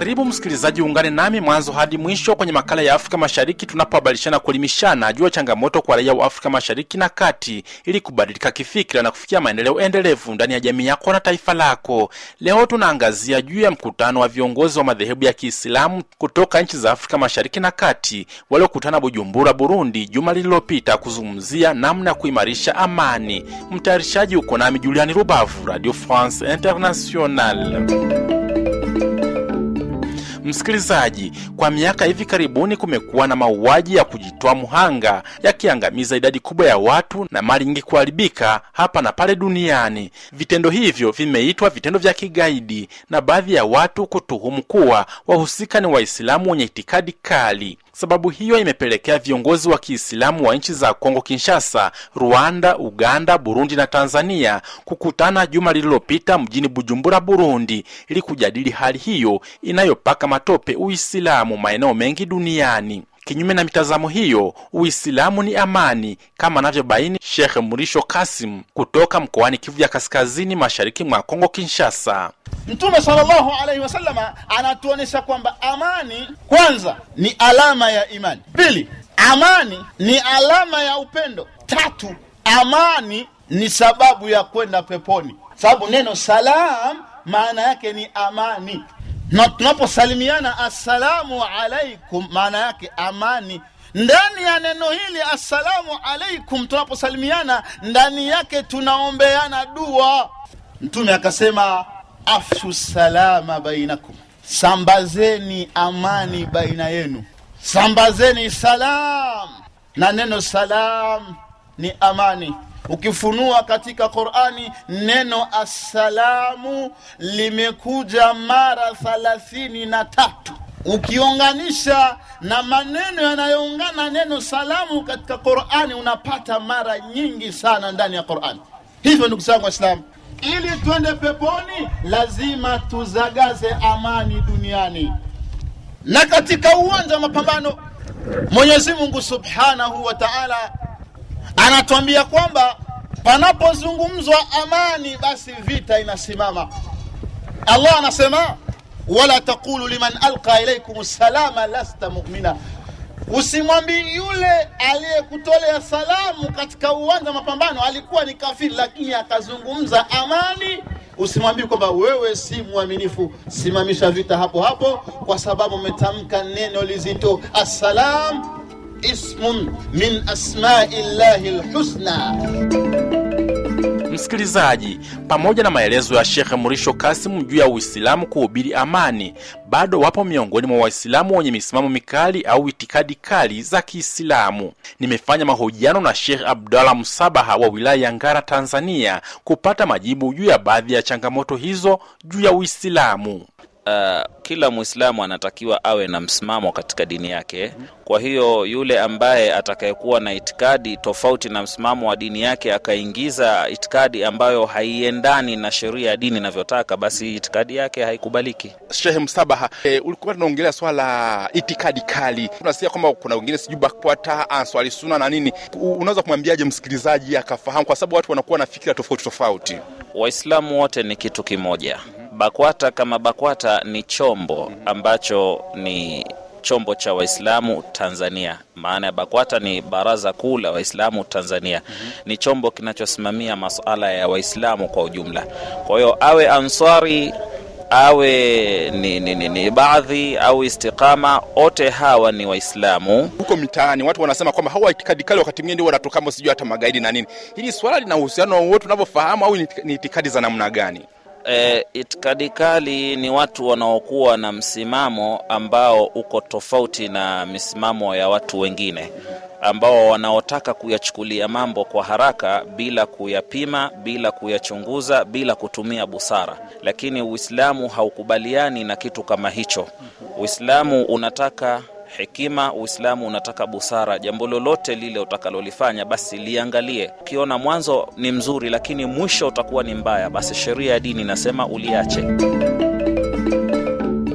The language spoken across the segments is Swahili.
Karibu msikilizaji, ungane nami mwanzo hadi mwisho kwenye makala ya Afrika Mashariki tunapohabarishana kuelimishana juu ya changamoto kwa raia wa Afrika Mashariki na Kati ili kubadilika kifikira na kufikia maendeleo endelevu ndani ya jamii yako na taifa lako. Leo tunaangazia juu ya mkutano wa viongozi wa madhehebu ya Kiislamu kutoka nchi za Afrika Mashariki na Kati waliokutana Bujumbura, Burundi juma lililopita kuzungumzia namna ya kuimarisha amani. Mtayarishaji uko nami Juliani Rubavu, Radio France Internationale. Msikilizaji, kwa miaka hivi karibuni kumekuwa na mauaji ya kujitoa mhanga yakiangamiza idadi kubwa ya watu na mali nyingi kuharibika hapa na pale duniani. Vitendo hivyo vimeitwa vitendo vya kigaidi na baadhi ya watu kutuhumu kuwa wahusika ni Waislamu wenye itikadi kali. Sababu hiyo imepelekea viongozi wa Kiislamu wa nchi za Kongo Kinshasa, Rwanda, Uganda, Burundi na Tanzania kukutana juma lililopita mjini Bujumbura, Burundi, ili kujadili hali hiyo inayopaka matope Uislamu maeneo mengi duniani. Kinyume na mitazamo hiyo, Uislamu ni amani, kama anavyobaini Sheikh Mrisho Kasim kutoka mkoani Kivu ya Kaskazini, mashariki mwa Kongo Kinshasa. Mtume salllahu alaihi wasalama anatuonyesha kwamba amani kwanza ni alama ya imani, pili amani ni alama ya upendo, tatu amani ni sababu ya kwenda peponi, sababu neno salam maana yake ni amani na tunaposalimiana assalamu alaikum, maana yake amani. Ndani ya neno hili assalamu alaikum, tunaposalimiana ndani yake tunaombeana dua. Mtume akasema afshu salama bainakum, sambazeni amani baina yenu, sambazeni salam. Na neno salam ni amani. Ukifunua katika Qur'ani neno assalamu limekuja mara thalathini na tatu ukiunganisha na maneno yanayoungana neno salamu katika Qur'ani unapata mara nyingi sana ndani ya Qur'ani. Hivyo ndugu zangu Waislamu, ili twende peponi lazima tuzagaze amani duniani. Na katika uwanja wa mapambano Mwenyezi Mungu Subhanahu wa Ta'ala anatuambia kwamba panapozungumzwa amani basi vita inasimama. Allah anasema wala taqulu liman alqa ilaykum salama lasta mu'mina, usimwambii yule aliyekutolea salamu katika uwanja mapambano alikuwa ni kafiri, lakini akazungumza amani, usimwambii kwamba wewe si mwaminifu. Simamisha vita hapo hapo, kwa sababu umetamka neno lizito, assalam ismun min asmaillahi lhusna. Msikilizaji, pamoja na maelezo ya Shekhe Mrisho Kasimu juu ya Uislamu kuhubiri amani, bado wapo miongoni mwa Waislamu wenye misimamo mikali au itikadi kali za Kiislamu. Nimefanya mahojiano na Shekh Abdallah Msabaha wa wilaya ya Ngara, Tanzania, kupata majibu juu ya baadhi ya changamoto hizo juu ya Uislamu uh, kila Mwislamu anatakiwa awe na msimamo katika dini yake. Kwa hiyo yule ambaye atakayekuwa na itikadi tofauti na msimamo wa dini yake akaingiza itikadi ambayo haiendani na sheria ya dini inavyotaka, basi itikadi yake haikubaliki. Shehe Msabaha, e, eh, ulikuwa tunaongelea swala la itikadi kali, unasikia kwamba kuna wengine sijui bakwata ah, swali suna na nini, unaweza kumwambiaje msikilizaji akafahamu? Kwa sababu watu wanakuwa na fikira tofauti tofauti. Waislamu wote ni kitu kimoja BAKWATA kama BAKWATA ni chombo ambacho ni chombo cha Waislamu Tanzania. Maana ya BAKWATA ni Baraza Kuu la Waislamu Tanzania. mm -hmm. Ni chombo kinachosimamia masuala ya Waislamu kwa ujumla. Kwa hiyo awe Ansari awe ni, ni, ni, ni baadhi au Istiqama, wote hawa ni Waislamu. Huko mitaani watu wanasema kwamba hawa itikadi kali wakati mwingine ndio wanatoka, sijui hata magaidi na nini. Hili swala lina uhusiano wote unavyofahamu, au ni itikadi za namna gani? Eh, itikadi kali ni watu wanaokuwa na msimamo ambao uko tofauti na misimamo ya watu wengine ambao wanaotaka kuyachukulia mambo kwa haraka bila kuyapima, bila kuyachunguza, bila kutumia busara. Lakini Uislamu haukubaliani na kitu kama hicho. Uislamu unataka hekima. Uislamu unataka busara. Jambo lolote lile utakalolifanya, basi liangalie. Ukiona mwanzo ni mzuri, lakini mwisho utakuwa ni mbaya, basi sheria ya dini inasema uliache.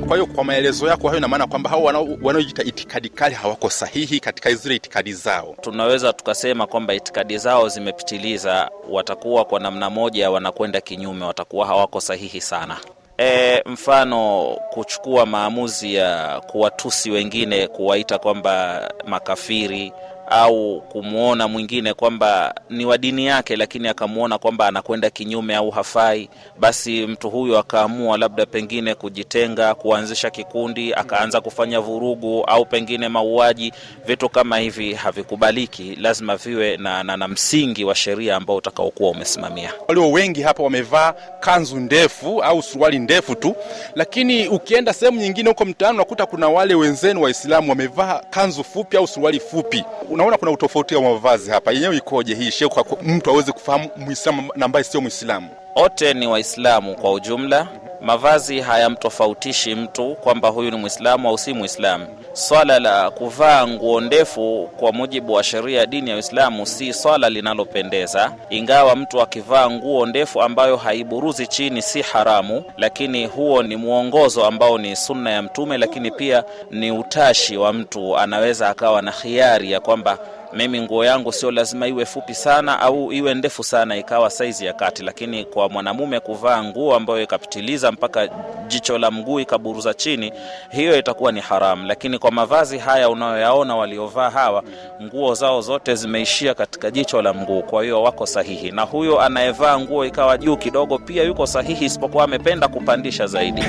Kwa hiyo kwa maelezo yako hayo, inamaana kwamba hao wanaojita itikadi kali hawako sahihi katika zile itikadi zao. Tunaweza tukasema kwamba itikadi zao zimepitiliza, watakuwa kwa namna moja wanakwenda kinyume, watakuwa hawako sahihi sana. E, mfano kuchukua maamuzi ya kuwatusi wengine, kuwaita kwamba makafiri au kumwona mwingine kwamba ni wa dini yake, lakini akamwona kwamba anakwenda kinyume au hafai, basi mtu huyo akaamua labda pengine kujitenga, kuanzisha kikundi, akaanza kufanya vurugu au pengine mauaji. Vitu kama hivi havikubaliki, lazima viwe na, na, na msingi wa sheria ambao utakaokuwa umesimamia. Walio wengi hapa wamevaa kanzu ndefu au suruali ndefu tu, lakini ukienda sehemu nyingine huko mtaani unakuta kuna wale wenzenu Waislamu wamevaa kanzu fupi au suruali fupi unaona kuna utofauti wa mavazi hapa, yenyewe ikoje hii she mtu aweze kufahamu Muislamu na ambaye sio Muislamu? Wote ni Waislamu kwa ujumla mhm. Mavazi hayamtofautishi mtu kwamba huyu ni Mwislamu au si Mwislamu. Swala la kuvaa nguo ndefu kwa mujibu wa sheria ya dini ya Uislamu si swala linalopendeza, ingawa mtu akivaa nguo ndefu ambayo haiburuzi chini si haramu, lakini huo ni mwongozo ambao ni sunna ya Mtume, lakini pia ni utashi wa mtu, anaweza akawa na khiari ya kwamba mimi nguo yangu sio lazima iwe fupi sana au iwe ndefu sana, ikawa saizi ya kati, lakini kwa mwanamume kuvaa nguo ambayo ikapitiliza mpaka jicho la mguu ikaburuza chini, hiyo itakuwa ni haramu. Lakini kwa mavazi haya unayoyaona waliovaa hawa, nguo zao zote zimeishia katika jicho la mguu, kwa hiyo wako sahihi. Na huyo anayevaa nguo ikawa juu kidogo, pia yuko sahihi, isipokuwa amependa kupandisha zaidi.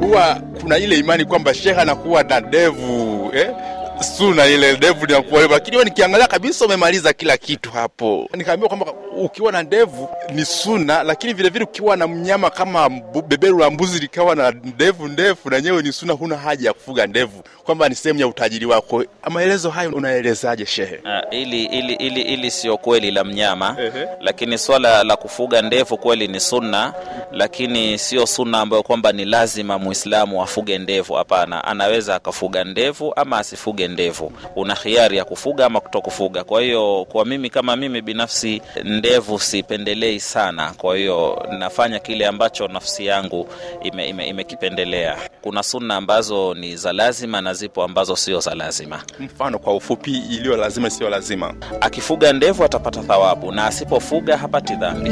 Huwa kuna ile imani kwamba sheha anakuwa na devu eh? suna ile ndevu inakuwa hivyo, lakini nikiangalia kabisa umemaliza kila kitu hapo. Nikaambiwa kwamba ukiwa na ndevu ni suna, lakini vilevile ukiwa na mnyama kama beberu la mbuzi likawa na ndevu ndefu na nyewe ni suna, huna haja ya kufuga ndevu, kwamba ni sehemu ya utajiri wako. Ah, maelezo hayo unaelezaje shehe? Uh, ili, ili, ili, ili sio kweli la mnyama uh-huh. Lakini swala la kufuga ndevu kweli ni sunna, lakini sio sunna ambayo kwamba ni lazima Muislamu afuge ndevu. Hapana, anaweza akafuga ndevu ama asifuge ndevu. Una hiari ya kufuga ama kutokufuga. Kwa hiyo kwa mimi kama mimi binafsi, ndevu sipendelei sana, kwa hiyo nafanya kile ambacho nafsi yangu imekipendelea. Ime, ime kuna sunna ambazo ni za lazima na zipo ambazo sio za lazima. Mfano kwa ufupi, iliyo lazima sio lazima, akifuga ndevu atapata thawabu na asipofuga hapati dhambi.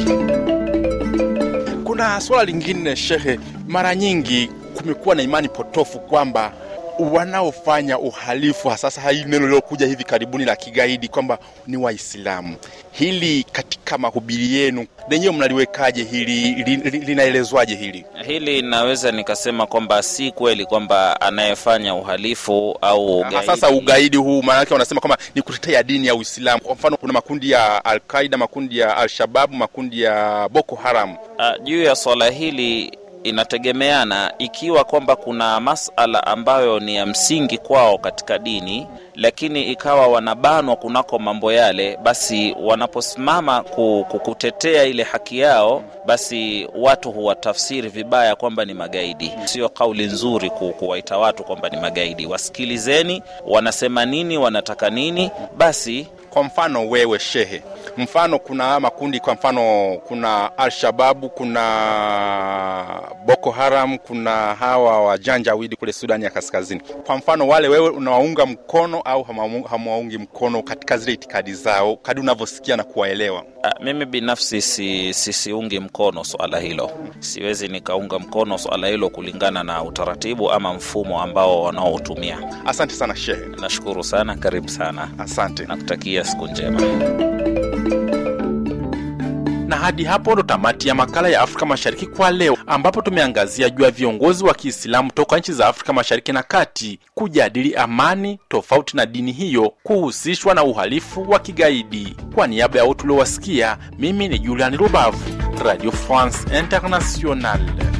Kuna swala lingine shehe, mara nyingi kumekuwa na imani potofu kwamba wanaofanya uhalifu hasasa, hii neno lilokuja hivi karibuni la kigaidi kwamba ni Waislamu, hili katika mahubiri yenu lenyewe mnaliwekaje hili? Linaelezwaje hili? Hili naweza nikasema kwamba si kweli kwamba anayefanya uhalifu au ugaidi. Sasa ugaidi huu maanake wanasema kwamba ni kutetea dini ya Uislamu. Kwa mfano kuna makundi ya al makundi ya al makundi ya Boko Haram. Ah, juu ya swala hili inategemeana ikiwa kwamba kuna masala ambayo ni ya msingi kwao katika dini, lakini ikawa wanabanwa kunako mambo yale, basi wanaposimama kukutetea ile haki yao, basi watu huwatafsiri vibaya kwamba ni magaidi. Sio kauli nzuri kuwaita watu kwamba ni magaidi. Wasikilizeni wanasema nini, wanataka nini. Basi kwa mfano wewe shehe, mfano kuna makundi, kwa mfano kuna Alshababu, kuna Boko Haram, kuna hawa wajanjawidi kule Sudani ya Kaskazini. Kwa mfano, wale wewe unawaunga mkono au hamwaungi mkono katika zile itikadi zao kadi unavyosikia na kuwaelewa? Ah, mimi binafsi si, si, siungi mkono swala hilo, siwezi nikaunga mkono swala hilo kulingana na utaratibu ama mfumo ambao wanaotumia. Asante sana shehe, nashukuru sana, karibu sana, asante, nakutakia siku njema hadi hapo ndo tamati ya makala ya Afrika Mashariki kwa leo, ambapo tumeangazia juu ya viongozi wa Kiislamu toka nchi za Afrika Mashariki na Kati kujadili amani, tofauti na dini hiyo kuhusishwa na uhalifu wa kigaidi. Kwa niaba ya wote mimi ni Julian Rubavu, Radio France international